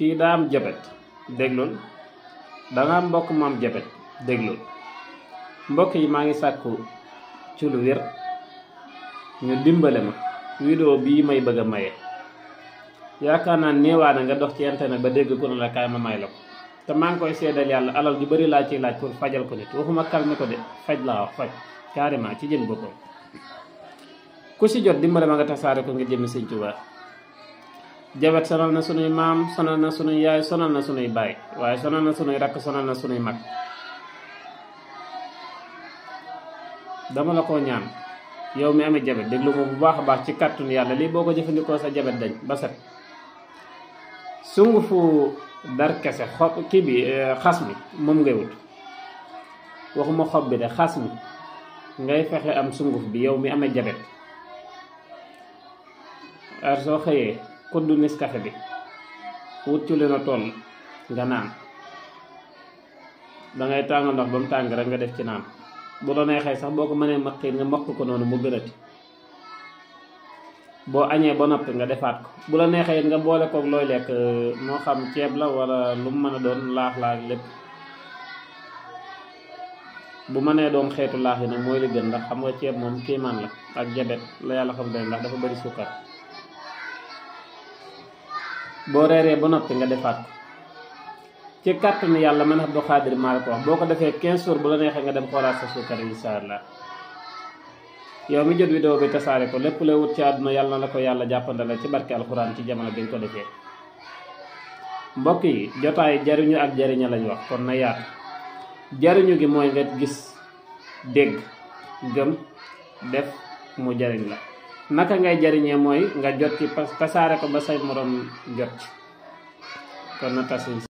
kii daa am jabet déglul da am mbokk mu am jabet mbokk yi maa ngi sàkku ci lu wér ñu dimbale ma vidéo bii may bëgg a maye yaakaar naa néewaane nga dox ci internet ba dégg ko ne la kaay ma may la ko te maa ngi koy seedal yàlla alal ju bari laa ci laaj pour fajal ko nit waxuma calmer ko de faj laa wax faj carrément ci jën boppam ku si jot dimbale ma nga tasaare ko nga jëmmi sëñ Tuubaa Jabat sonal na sunuy mam sonal na sunuy yaay sonal na sunuy bay waaye sonal na sunuy rak sonal na sunuy mak dama la ko ñaan yow mi amé jabat deglu ma bu baax baax ci carton yalla li boko jëfëndiko sa jabat dañ ba set fu dar kasse xop ki bi eh, xas mom ngay wut waxuma xop bi de xas ngay fexé am sunguf bi yow mi amé jabat ar soo kondu nescafé bi wut ci leen a nga naan da ngay tang ndox bam tang rek nga def ci naan bu do neexee sax boko mané mënee nga maq ko nonu mu gënati bo añee bo nopp nga defaat ko bu la neexee nga boole koog loy lek euh, mo xam ceeb la wala lu mëna doon laax la lepp bu mané doom xétu laax ni moy li gën ndax xam nga ceeb mom kiimaan la ak jabet la yalla xam dañ ndax dafa bari sukkar bo reeree bo noppi nga defaat ci carte ni yalla man Abdou Khadir maa la ko wax boo ko 15 jours bu la nexé nga dem xoolaat sa suukar incha allah yow mi jot vidéo bi tasaare ko lepp lay wut ci aduna yalla nako yalla ko ci barke alcorane ci jamono bi ko defee mbokk yi jotaay jariñu ak jariña lañ wax kon na yaa jariñu gi moy nga gis deg gem def mu jariñ la naka ngay jariñee mooy nga jot ci tasaare ko ba say moroom jot ci kon na tas